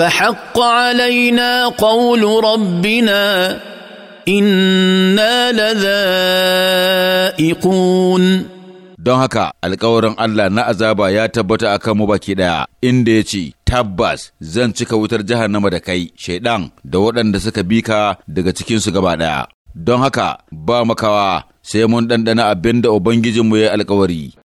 فحق علينا قول ربنا إنا لذائقون don haka alkawarin Allah na azaba ya tabbata a kan mu baki ɗaya inda ya ce tabbas zan cika wutar jahannama da kai shaidan da waɗanda suka bika ka daga cikinsu gaba ɗaya don haka ba makawa sai mun ɗanɗana abin da ubangijinmu ya yi alkawari